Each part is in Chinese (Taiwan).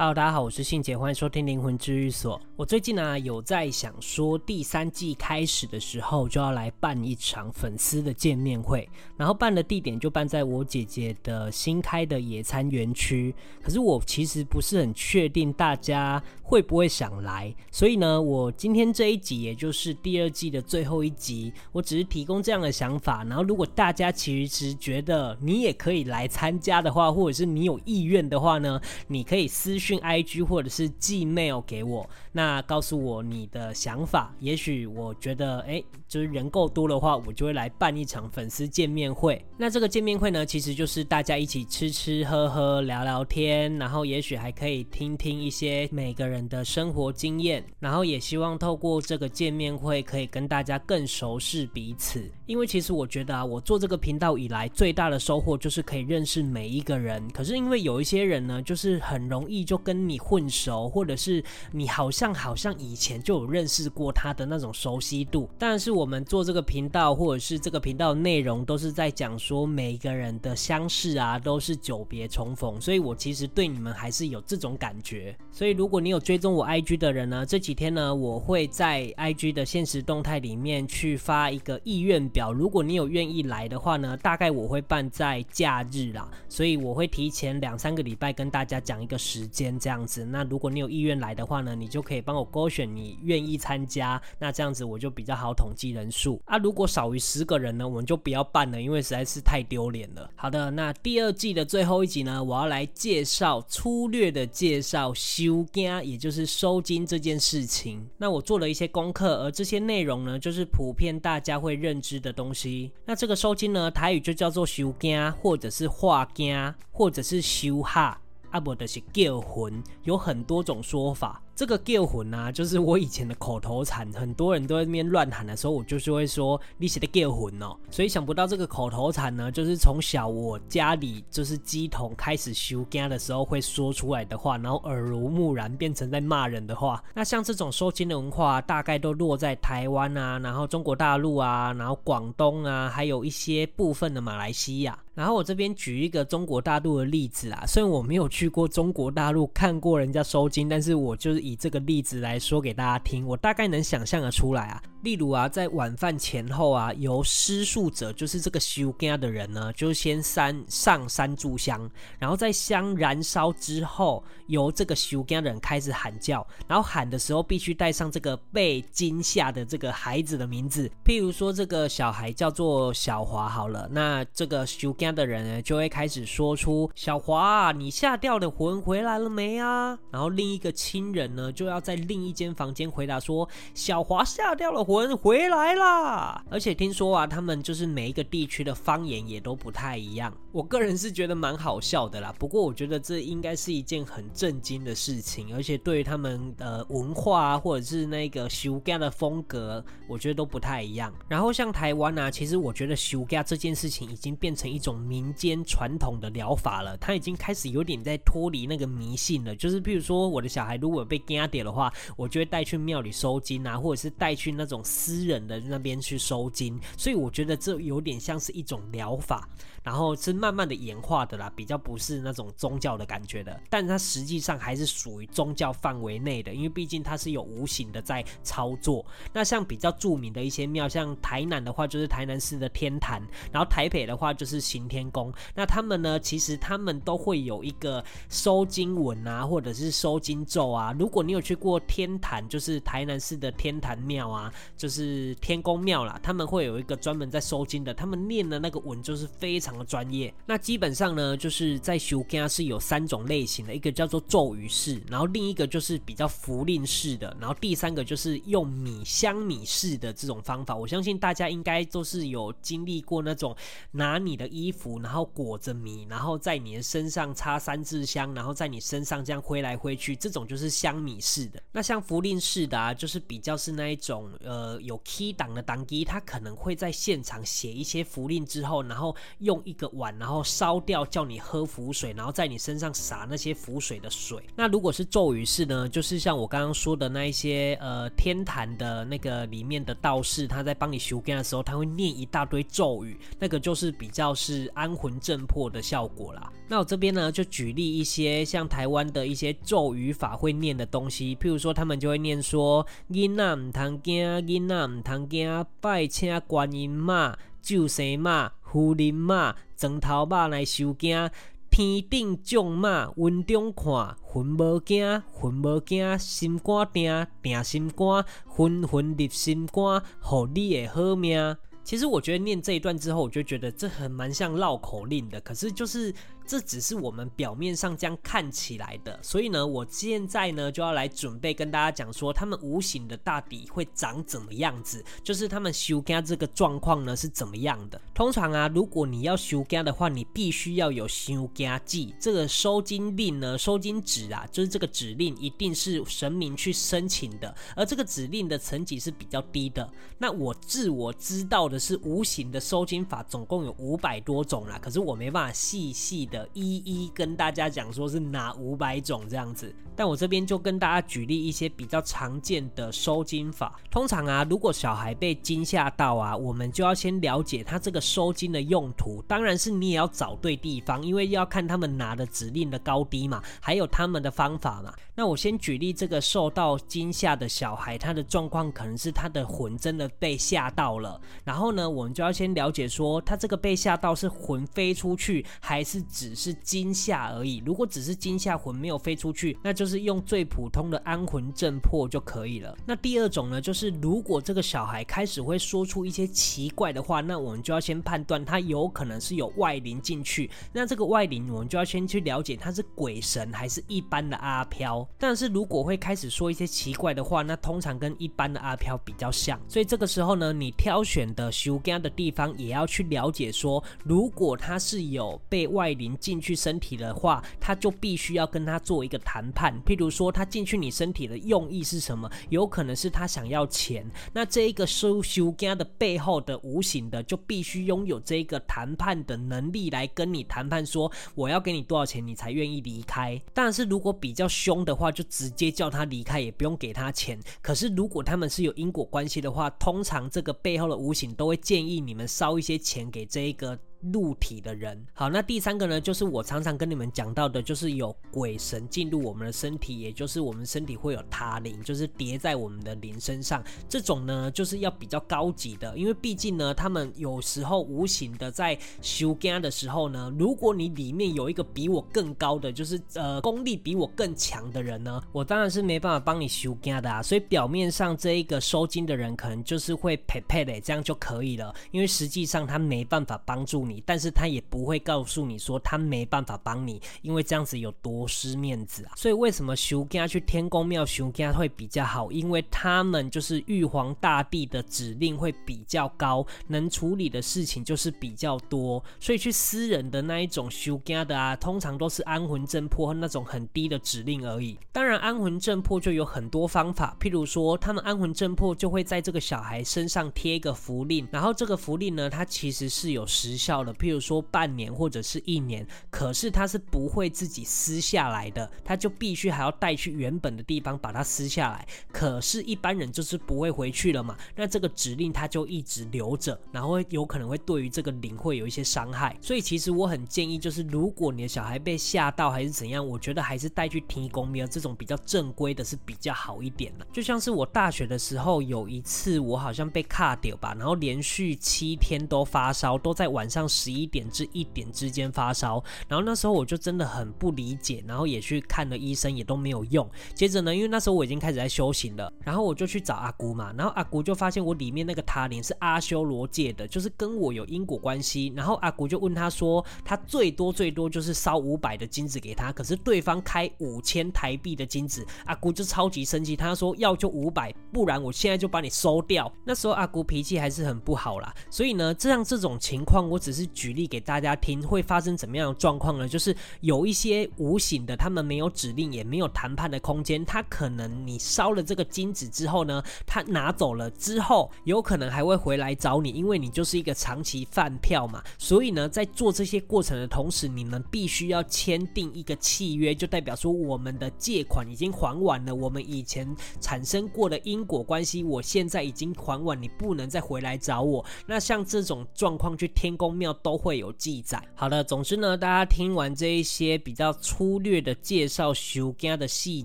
Hello，大家好，我是信姐，歡迎收聽靈魂治癒所。我最近呢、啊、有在想說，第三季開始的時候就要來辦一場粉絲的見面會，然後辦的地點就辦在我姐姐的新開的野餐園區。可是我其實不是很確定大家，會不會想來？所以呢，我今天這一集也就是第二季的最後一集，我只是提供這樣的想法。然後，如果大家其實覺得你也可以來參加的話，或者是你有意願的話呢，你可以私訊 IG 或者是寄 mail 給我，那告訴我你的想法。也許我覺得，哎，就是人夠多的話，我就會來辦一場粉絲見面會。那這個見面會呢，其實就是大家一起吃吃喝喝、聊聊天，然後也許還可以聽聽一些每個人。的生活經驗，然後也希望透過這個見面會，可以跟大家更熟悉彼此。因為其實我覺得啊，我做這個頻道以來，最大的收穫就是可以認識每一個人。可是因為有一些人呢，就是很容易就跟你混熟，或者是你好像好像以前就有認識過他的那種熟悉度。但是我們做這個頻道，或者是這個頻道的內容，都是在講說每一個人的相識啊，都是久別重逢。所以我其實對你們還是有這種感覺。所以如果你有追蹤我 IG 的人呢，這幾天呢，我會在 IG 的限時動態裡面去發一個意願表。如果你有願意來的話呢，大概我會辦在假日啦，所以我會提前兩三個禮拜跟大家講一個時間這樣子。那如果你有意願來的話呢，你就可以幫我勾選你願意參加，那這樣子我就比較好統計人數。啊，如果少於十個人呢，我們就不要辦了，因為實在是太丟臉了。好的，那第二季的最後一集呢，我要來介紹粗略的介紹收驚，也就是收驚這件事情。那我做了一些功課，而這些內容呢，就是普遍大家會認知的。東西，那這個收驚呢，台語就叫做收驚，或者是喝驚，或者是修哈，啊，不然就是叫魂，有很多種說法。這個 g 魂」t 吶，就是我以前的口頭禪，很多人都在那邊亂喊的時候，我就是會說你寫的 g 魂」t 哦。所以想不到這個口頭禪呢，就是從小我家裡就是雞桶開始修 g 的時候會說出來的話，然後耳濡目染變成在罵人的話。那像這種說金的文化、啊，大概都落在台灣啊，然後中國大陸啊，然後廣東啊，還有一些部分的馬來西亞。然後我這邊舉一個中國大陸的例子啊，雖然我沒有去過中國大陸看過人家收驚，但是我就是以這個例子來說給大家聽，我大概能想象得出來啊。例如啊，在晚飯前後啊，由施術者，就是這個修伽的人呢，就先三上三炷香，然後在香燃燒之後，由這個修伽的人開始喊叫，然後喊的時候必須帶上這個被驚嚇的這個孩子的名字，譬如說這個小孩叫做小華好了，那這個修伽。的人呢，就會開始說出：“小華，你嚇掉的魂回來了沒啊？”然後另一個親人呢，就要在另一間房間回答說：“小華嚇掉了魂回來啦！”而且聽說啊，他們就是每一個地區的方言也都不太一樣。我個人是覺得蠻好笑的啦，不過我覺得這應該是一件很震驚的事情，而且對於他們的呃文化啊，或者是那個收驚的風格，我覺得都不太一樣。然後像台灣啊，其實我覺得收驚這件事情已經變成一種。民間傳統的療法了，他已經開始有點在脫離那個迷信了。就是比如說，我的小孩如果被壓染的話，我就會帶去廟裡收驚啊，或者是帶去那種私人的那邊去收驚。所以我覺得這有點像是一種療法。然後是慢慢的演化的啦，比較不是那種宗教的感覺的，但它實際上還是屬於宗教範圍內的，因為畢竟它是有無形的在操作。那像比較著名的一些廟，像台南的話就是台南市的天壇，然後台北的話就是行天宮。那他們呢，其實他們都會有一個收驚文啊，或者是收驚咒啊。如果你有去過天壇，就是台南市的天壇廟啊，就是天公廟啦，他們會有一個專門在收驚的，他們念的那個文就是非常。專業。那基本上呢，就是在收驚，是有三種類型的，一個叫做咒語式，然後另一個就是比較符令式的，然後第三個就是用米香米式的這種方法。我相信大家應該都是有經歷過那種拿你的衣服，然後裹着米，然後在你的身上插三支香，然後在你身上這樣揮來揮去，這種就是香米式的。那像符令式的啊，就是比較是那一種呃有 key 檔的檔機，他可能會在現場寫一些符令之後，然後用。一個碗，然後燒掉，叫你喝符水，然後在你身上灑那些符水的水。那如果是咒語式呢？就是像我剛剛說的那一些，呃，天壇的那個裡面的道士，他在幫你求籤的時候，他會念一大堆咒語，那個就是比較是安魂鎮魄的效果啦。那我這邊呢，就舉例一些像台灣的一些咒語法會念的東西，譬如說他們就會念說：囡仔唔通驚，囡仔唔通驚，拜請觀音媽，救生媽。福臨馬，枕頭馬來收驚；天頂將馬雲中看，魂無驚，魂無驚，心肝定，定心肝，魂魂立心肝，護你的好命。其實我覺得念這一段之後，我就覺得這很蠻像繞口令的，可是就是。這只是我們表面上這樣看起來的，所以呢，我現在呢就要來準備跟大家講說，他們無形的大底會長怎麼樣子，就是他們收驚這個狀況呢是怎麼樣的。通常啊，如果你要收驚的話，你必須要有收驚劑。這個收驚令呢，收驚指啊，就是這個指令一定是神明去申請的，而這個指令的層級是比較低的。那我自我知道的是，無形的收驚法總共有五百多種啦，可是我沒辦法細細的。一一跟大家講，說是哪五百種這樣子，但我這邊就跟大家舉例一些比較常見的收驚法。通常啊，如果小孩被驚嚇到啊，我們就要先了解他這個收驚的用途。當然是你也要找對地方，因為要看他們拿的指令的高低嘛，還有他們的方法嘛。那我先舉例，這個受到驚嚇的小孩，他的狀況可能是他的魂真的被嚇到了。然後呢，我們就要先了解說，他這個被嚇到是魂飛出去，還是只是驚嚇而已？如果只是驚嚇，魂沒有飛出去，那就是用最普通的安魂鎮魄就可以了。那第二種呢，就是如果這個小孩開始會說出一些奇怪的話，那我們就要先判斷他有可能是有外靈進去。那這個外靈，我們就要先去了解他是鬼神，還是一般的阿飄。但是，如果會開始說一些奇怪的話，那通常跟一般的阿飄比較像。所以這個時候呢，你挑選的收驚的地方也要去了解說，說如果他是有被外靈進去身體的話，他就必須要跟他做一個談判。譬如說，他進去你身體的用意是什麼？有可能是他想要錢。那這一個收收驚的背後的無形的，就必須擁有這一個談判的能力來跟你談判說，說我要給你多少錢，你才願意離開。但是如果比較凶的話，話就直接叫他離開，也不用給他錢。可是如果他們是有因果關係的話，通常這個背後的無形都會建議你們燒一些錢給這一個。入體的人，好，那第三個呢，就是我常常跟你們講到的，就是有鬼神進入我們的身體，也就是我們身體會有他靈，就是疊在我們的靈身上。這種呢，就是要比較高級的，因為畢竟呢，他們有時候無形的在修加的時候呢，如果你裡面有一個比我更高的，就是呃，功力比我更強的人呢，我當然是沒辦法幫你修加的啊。所以表面上這一個收驚的人可能就是會陪陪的，這樣就可以了，因為實際上他沒辦法幫助你你，但是他也不會告訴你說他沒辦法幫你，因為這樣子有多失面子啊。所以為什麼收驚去天公廟收驚會比較好？因為他們就是玉皇大帝的指令會比較高，能處理的事情就是比較多。所以去私人的那一種收驚的啊，通常都是安魂鎮魄那種很低的指令而已。當然，安魂鎮魄就有很多方法，譬如說他們安魂鎮魄就會在這個小孩身上貼一個符令，然後這個符令呢，它其實是有時效了，譬如說半年或者是一年，可是他是不會自己撕下來的，他就必須還要帶去原本的地方把它撕下來。可是一般人就是不會回去了嘛，那這個指令他就一直留着，然後有可能會對於這個靈會有一些傷害。所以其實我很建議，就是如果你的小孩被嚇到還是怎樣，我覺得還是帶去天公廟這種比較正規的是比較好一點的。就像是我大學的時候有一次，我好像被卡掉吧，然後連續七天都發燒，都在晚上，十一點至一點之間發燒，然後那時候我就真的很不理解，然後也去看了醫生，也都沒有用。接着呢，因為那時候我已經開始在修行了，然後我就去找阿姑嘛，然後阿姑就發現我裡面那個塔林是阿修羅界的，就是跟我有因果關係。然後阿姑就問他說，他最多最多就是燒五百的金子給他，可是對方開五千台幣的金子，阿姑就超級生氣，他說要就五百，不然我現在就把你收掉。那時候阿姑脾氣還是很不好啦，所以呢，這樣這種情況我只是。是舉例給大家聽會發生怎麼樣的狀況呢？就是有一些無形的，他們沒有指令，也沒有談判的空間。他可能你燒了這個金子之後呢，他拿走了之後，有可能還會回來找你，因為你就是一個長期飯票嘛。所以呢，在做這些過程的同時，你們必須要簽訂一個契約，就代表說我們的借款已經還完了，我們以前產生過的因果關係，我現在已經還完，你不能再回來找我。那像這種狀況，去天公廟。都會有記載。好的，總之呢，大家聽完這一些比較粗略的介紹收驚的細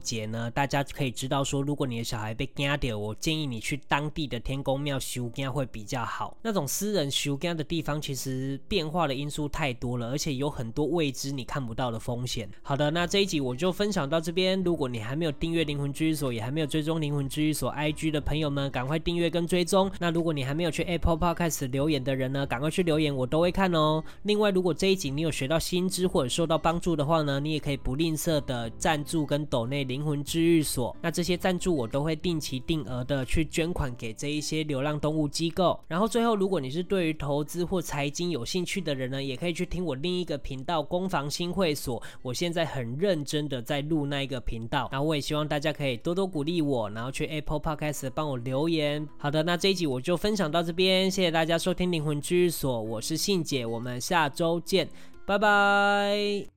節呢，大家可以知道說，如果你的小孩被驚到，我建議你去當地的天公廟收驚會比較好。那種私人收驚的地方，其實變化的因素太多了，而且有很多未知你看不到的風險。好的，那這一集我就分享到這邊。如果你還沒有訂閱靈魂治癒所，也還沒有追蹤靈魂治癒所 IG 的朋友們，趕快訂閱跟追蹤。那如果你還沒有去 Apple Podcast 留言的人呢，趕快去留言，我都。會看哦。另外，如果這一集你有學到新知或者受到幫助的話呢，你也可以不吝嗇的贊助跟抖內靈魂治癒所。那這些贊助我都會定期定額的去捐款給這一些流浪動物機構。然後最後，如果你是對於投資或財經有興趣的人呢，也可以去聽我另一個頻道“攻防新會所”。我現在很認真的在錄那一個頻道。然後我也希望大家可以多多鼓勵我，然後去 Apple Podcast 幫我留言。好的，那這一集我就分享到這邊，謝謝大家收聽《靈魂治癒所》，我是新。靜姐，我們下周見，拜拜。